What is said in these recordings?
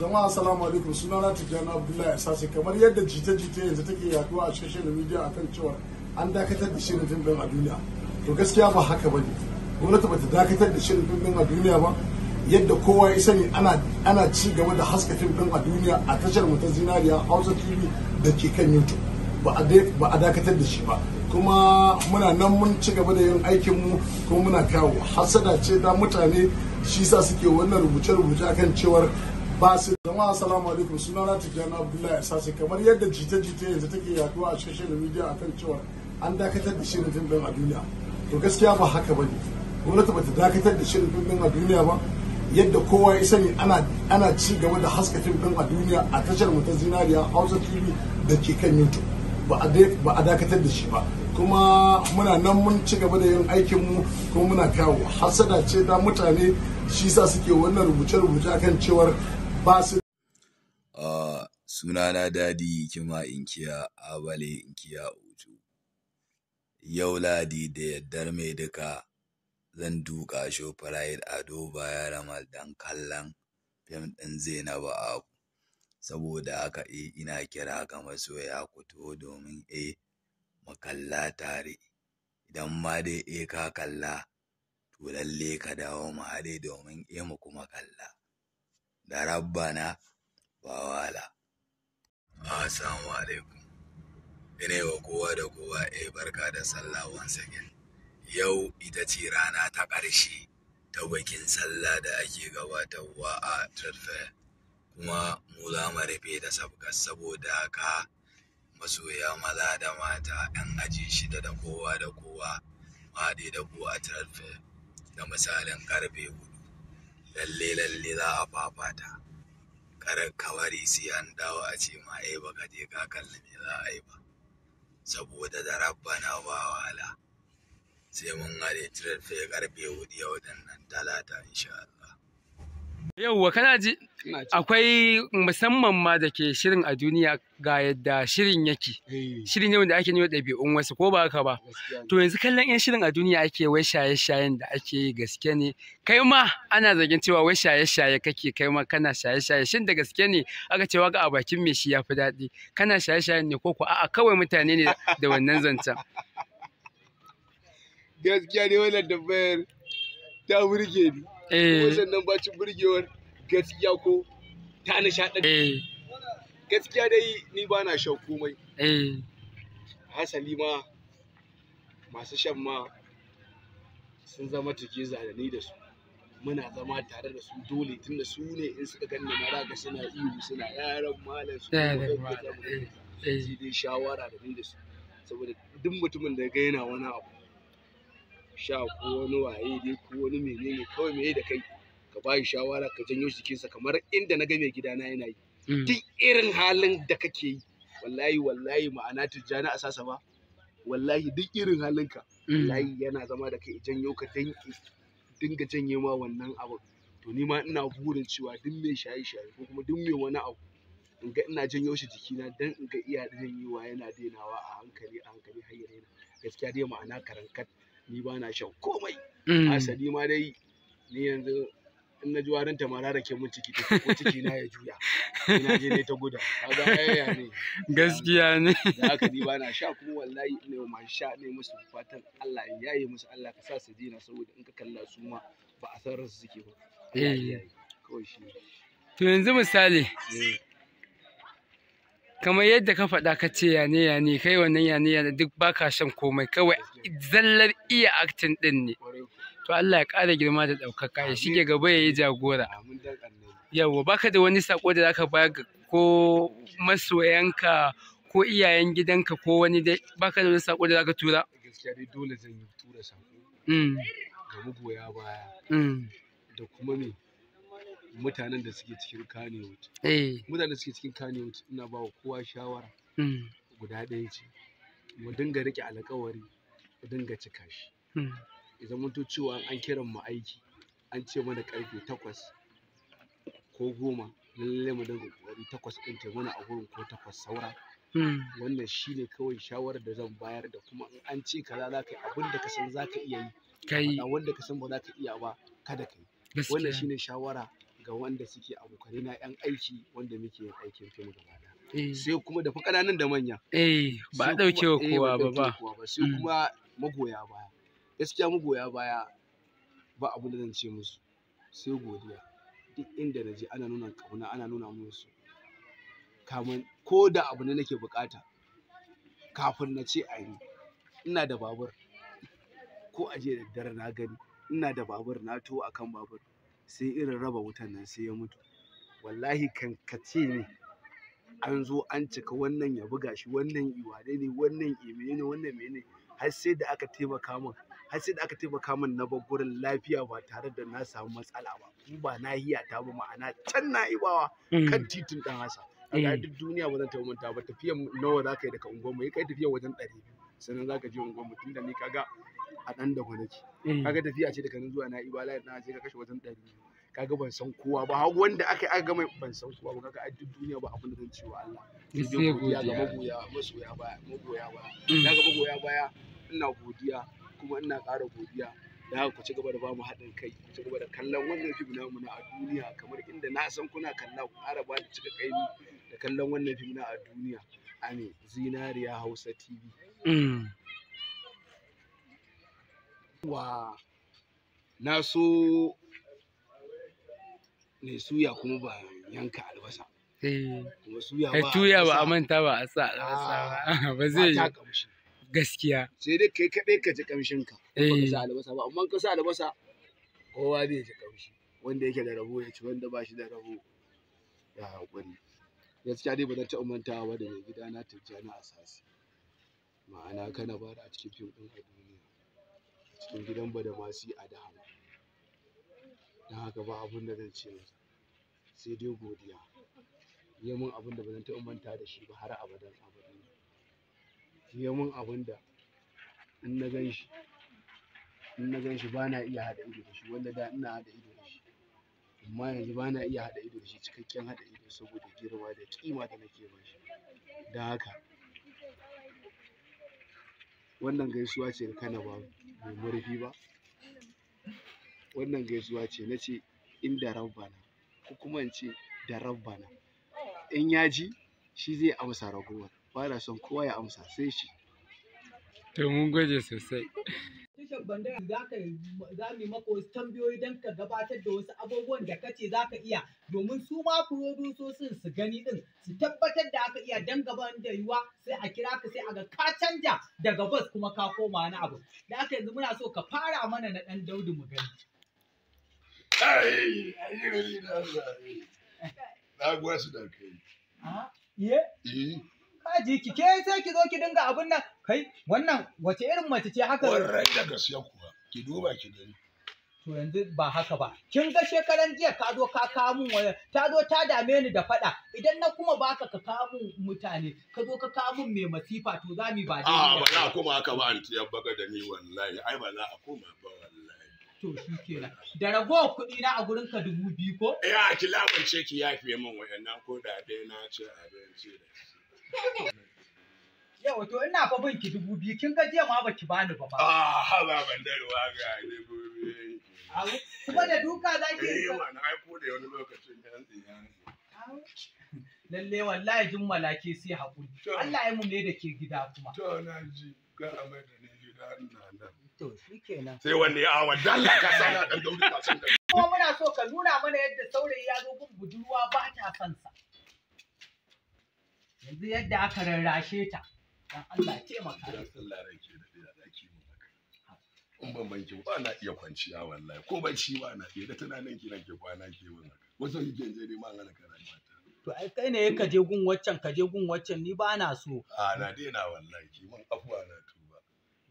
jama'a assalamu alaikum suna sunana na abdullahi asase kamar yadda jita-jita yanzu take yaduwa a social media akan cewa an dakatar da shirin fim ɗin a duniya to gaskiya ba haka ba ne gwamnati bata dakatar da shirin fim ɗin a duniya ba yadda kowa ya sani ana ana ci gaba da haska fim ɗin a duniya a tashar mu ta zinariya hausa tv da ke kan youtube ba a ba a dakatar da shi ba kuma muna nan mun ci gaba da yin aikin mu kuma muna kawo hasada ce da mutane shi sa suke wannan rubuce-rubuce akan cewar ba su jama'a assalamu alaikum suna na tijjani abdullahi ya sace kamar yadda jita-jita yanzu take yaduwa a social media akan cewa an dakatar da shirin fim a duniya to gaskiya ba haka bane gwamnati bata dakatar da shirin fim a duniya ba yadda kowa ya sani ana ana ci gaba da haska fim a duniya a tashar mu ta zinariya Hausa TV da ke kan YouTube ba a dakatar da shi ba kuma muna nan mun ci gaba da yin aikin mu kuma muna kawo hasada ce da mutane shi sa suke wannan rubuce-rubuce akan cewar ba su ah, sunana dadi kima inkiya abale inkiya uju yau ladi da yaddar mai duka zan duka shi pride ado baya ramal dan kallon fim din ba abu saboda haka e ina kira ga masoya ku to domin e eh, makalla tare idan ma dai e ka kalla to lalle ka dawo mu haɗe domin e mu kuma kalla da rabbana ba wala. Assalamu alaikum. Ina wa kowa da kowa a eh, barka da sallah once again. Yau ita ce rana ta ƙarshe ta bakin sallah da ake gabatarwa a Tradfair. Kuma mu za mu rufe da sabka saboda haka masoya maza da mata 'yan aji shida da kowa da kowa haɗe da ku a Tradfair da misalin karfe hudu. lalle lalle za a fafata karar kawari sai an dawo a ce ma ai baka je ka kalli me za a yi ba saboda da Rabba na ba wahala, sai mun hare tirar karfe hudu yau nan talata insha Allah Yauwa kana ji akwai musamman ma da ke shirin a duniya ga yadda shirin yake. Eh. Shirin yau da ake nuna ɗabi'un wasu ko ba haka ba. To yanzu kallon yan shirin a duniya ake wai shaye-shayen da ake yi gaske ne. Kai ma ana zargin cewa wai shaye-shaye kake kai ma kana shaye-shaye shin da gaske ne aka cewa ga a bakin me shi yafi daɗi kana shaye-shayen ne ko ko a'a kawai mutane ne da wannan zancen. Gaskiya ne wannan dabbar ta burge ni. Eh. wajen bacin burgewar gaskiya ko ta nishaɗar eh. gaskiya dai ni ba na shan komai eh. hasali ma masu shan ma sun zama tuke zanani da su muna zama tare da su dole tunda su ne in suka ganna mara ga suna ihu suna yaran malam su ne shawara da ni da su saboda duk mutumin da ga yana wani abu sha ko wani waye dai ko wani menene kawai me da kai ka bayi shawara ka janyo jikinsa kamar inda na ga gida na yana yi mm. duk irin halin da kake yi wallahi wallahi ma'ana tijjani a sasa ba wallahi duk irin halinka mm. wallahi yana zama da kai janyo ka danki dinga janye ma wannan abu to ni ma ina burin cewa duk mai shaye shaye ko kuma duk mai wani abu in ga ina janyo shi jikina dan in ga iya janyewa yana dainawa a hankali a hankali har yana gaskiya dai ma'ana karankat ni ba na shan komai mm. asali ma dai ni yanzu in na ji warin ta mara da ke mun ciki ko ciki na ya juya ina je ne ta guda kaga ayaya ne gaskiya ne da aka ni ba na sha kuma wallahi ina ma sha ne musu fatan Allah ya yaye musu Allah ka sa su dina saboda in ka kalla su ma ba a san ransu suke ba eh kawai shi to yanzu misali eh. kamar yadda ka faɗa ka ce yane yane kai wannan yane yane duk baka shan komai kawai zallar iya acting din ne to Allah ya ƙara girma da ɗaukaka ya shige gaba ya yi jagora yawa baka da wani sako da zaka bayar ga ko masoyanka ko iyayen gidanka ko wani dai baka da wani sako da zaka tura gaskiya dai dole zan yi tura sako mm. ga magoya baya mm. da kuma me mutanen da suke cikin Kanewood eh. mutanen da suke cikin Kaniwut ina ba wa kowa shawara mm. guda ɗaya ce mu dinga riƙe alƙawari ku dinga cika shi idan hmm. mun cewa an kiran mu aiki an ce mana karfe takwas ko goma lallai mu dinga kokari takwas ɗin ta mana a gurin ko takwas saura hmm. wannan shine kawai shawarar da zan bayar da kuma in an ce kaza za ka yi abin da ka san za ka iya yi kai wanda ka san ba za ka iya ba kada ka yi wannan shine shawara ga wanda suke abokanai na yan aiki wanda muke yin aikin fim gaba eh. sai kuma da fa ƙananan da manya eh ba a wa eh, kowa ba ba sai hmm. kuma magoya baya gaskiya magoya baya ba abu da zan ce musu sai godiya duk inda na je ana nuna kauna ana nuna musu kamar ko da abu ne nake bukata kafin na ce a yi ina da babur ko a je da daddare na gani ina da babur na to akan babur sai irin raba wutan nan sai ya mutu wallahi kan kace ne an zo an cika wannan ya buga shi wannan iwale ne wannan imene ne wannan mene har sai da aka taimaka min har sai da aka taimaka min na bar gurin lafiya ba tare da na samu matsala ba in ba nahiya ta ba ma'ana can na ibawa mm. kan titin dan hasa a eh. duk duniya ba zan taɓa ba tafiyan nawa za ka yi daga unguwar mu kai tafiya wajen ɗari biyu sannan za ka je unguwar mu tunda ni kaga a ɗan da kwanaki eh. kaga tafiya ce daga nan zuwa na iba layar na ce ka kashe wajen ɗari kaga ban san kowa ba har wanda aka yi aka ban san kowa ba kaga a duk duniya ba abin da zan ce wa Allah sai dai godiya ga magoya masoya baya magoya baya daga mm. magoya baya ina godiya kuma ina ƙara godiya da ku ci gaba da bamu haɗin kai ku ci gaba da kallon wannan fim namu na a duniya kamar inda na san kuna kalla ku ƙara ba da cika kaimi da kallon wannan fim na a duniya ame zinariya hausa tv mm. wa na so ne suya kuma ba yanka albasa eh. kuma suya ba a manta ba a sa albasa ba ah. zai yi gaskiya sai dai kai kaɗai ka ji kamshin ka ba ka eh. sa albasa ba amma ka sa albasa kowa zai ji kamshi wanda yake da rabo ya ci wanda ba shi da rabo ya hakuri gaskiya dai ba zan taɓa mantawa ba da mai gida na tijjani a sasi ma'ana kana bara a cikin fim ɗin a duniya cikin gidan ba da badamasi a dahama don haka ba abin da zan ce masa sai dai godiya yi min abin da ba zan taɓa manta da shi ba har abadan abadan ya mun abin da in na gan shi in na gan shi ba na iya haɗa ido da shi wanda da ina haɗa ido da shi amma yanzu ba na iya haɗa ido da shi cikakken haɗa ido saboda girma da kima da nake ba shi Da haka wannan gaisuwa ce da kana ba mai murfi ba wannan gaisuwa ce na ce in da rabbana ko kuma in ce da rabbana in ya ji shi zai amsa ragowar ba na son kowa ya amsa sai shi to mun gwaje sosai tashar bandara za ka za mu maka wasu tambayoyi don ka gabatar da wasu abubuwan da kace za ka iya domin su ma furodusosin su gani din su tabbatar da aka iya don gaban da yiwa sai a kira ka sai a ga ka canja daga bas kuma ka koma wani abu da aka yanzu muna so ka fara mana na ɗan daudu mu gani. na gwasu da kai. Ah, Haji ki ke sai ki zo ki dinga abun nan kai wannan wace irin mace ce haka warrai da gaskiya kuwa ki duba ki gani to yanzu ba haka ba kin ga shekaran jiya ka zo ka kawo mun waya ta zo ta dame ni da fada idan na kuma baka ka kawo mun mutane ka zo ka kawo mun mai masifa to za mu ba dai a ba za a koma haka ba anti ya baga da ni wallahi ai ba za a koma ba wallahi to shi kenan da rago kuɗi na a gurin ka dubu biyu ko ya ki labance ki yafe min wayannan ko da dai na ci abinci da shi Yau to ina fa bin ki dubu biyu kin ga jiya ma baki bani ba ba. Ah ba ban da ruwa ga dubu biyu. Kuma da duka za ki eh, yi. Eh wani ai ko da wani lokacin yan tsiyan. Lalle wallahi jin malake sai hakuri. Allah ya mun ne da ke gida kuma. To na ji ga amai da ni gida ina nan. To shikenan. Sai wanne awa dalla ka sana dan dauri kasan san. Kuma muna so ka nuna mana yadda saurayi ya zo gun budurwa ba ta sa. yanzu yadda aka rarrashe ta dan Allah taimaka da Allah rake da da mu in ban banki ba na iya kwanciya wallahi ko bacci ba na iya da tunanin ki nake kwana ke mun ne ma ngana to ai kai ne ka je gun waccan ka je gun waccan ni ba na so a na wallahi mun na to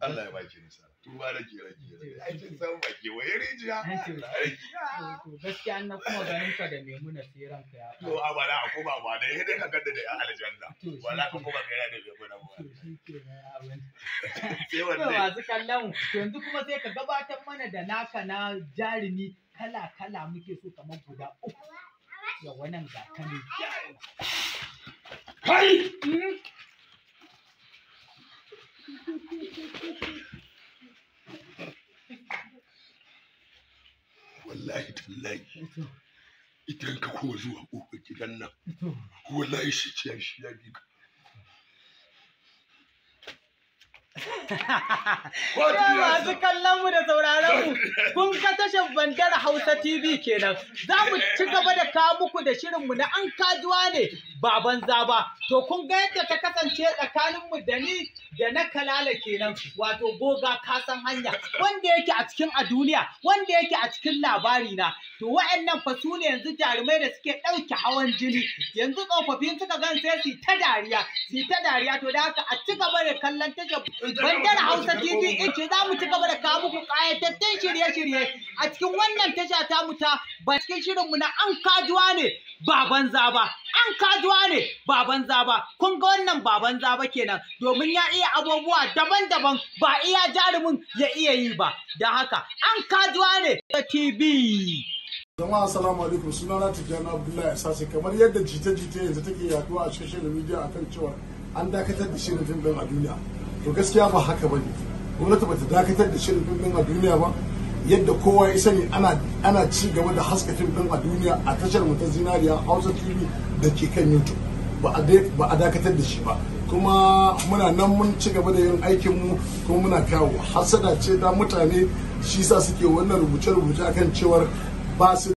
Allah ya baki tuba da ke rage san waye rijiya gaskiya na kuma ganin ka da memuna sai ranka ya to a a kuma ba da yadda ka gadda da aljanna wala ka kuma ba sai wannan kallon yanzu kuma sai ka gabatar mana da naka na jarumi kala kala muke so kamar guda uku yawa nan ga kanu kai hmm? wallahi tallahi idan ka kuma zuwa kofar gidan nan wallahi shi ciya shi ya bi ka masu kallon mu da sauraron mu kun ka tashar bandar Hausa TV kenan za mu ci gaba da kawo muku da shirin mu na an kajuwa ne ba banza ba to kun ga yadda ta kasance tsakanin mu da ni da na kalala kenan wato goga kasan hanya wanda yake a cikin a duniya wanda yake a cikin labari na to wa'annan fa su ne yanzu jarumai da suke ɗauke hawan jini yanzu tsofaffin suka gan sai su ta dariya su ta dariya to da haka a ci gaba da kallon ta bandar hausa tv ce za mu ci gaba da kawo muku ƙayatattun shirye-shirye a cikin wannan tasha ta mu ta ba cikin shirinmu na an kajuwa ne ba banza ba An kajuwa ne ba banza ba kun ga wannan ba banza ba kenan domin ya iya abubuwa daban-daban ba iya jarumin ya iya yi ba da haka an kajuwa ne ta tv jama'a salamu alaikum suna na tijjani abdullahi sase kamar yadda jita-jita yanzu take yaduwa a social a kan cewa an dakatar da shirin fim ɗin a duniya to gaskiya ba haka ba ne, gwamnati ba ta dakatar da shirin fim ɗin a duniya ba yadda kowa ya sani ana ci gaba da haska fim din a duniya a tashar mu ta zinariya hausa tv da ke kan youtube ba a dakatar da shi ba kuma muna nan mun ci gaba da yin aikin mu kuma muna kawo hasada ce da mutane shi sa suke wannan rubuce-rubuce akan cewar ba su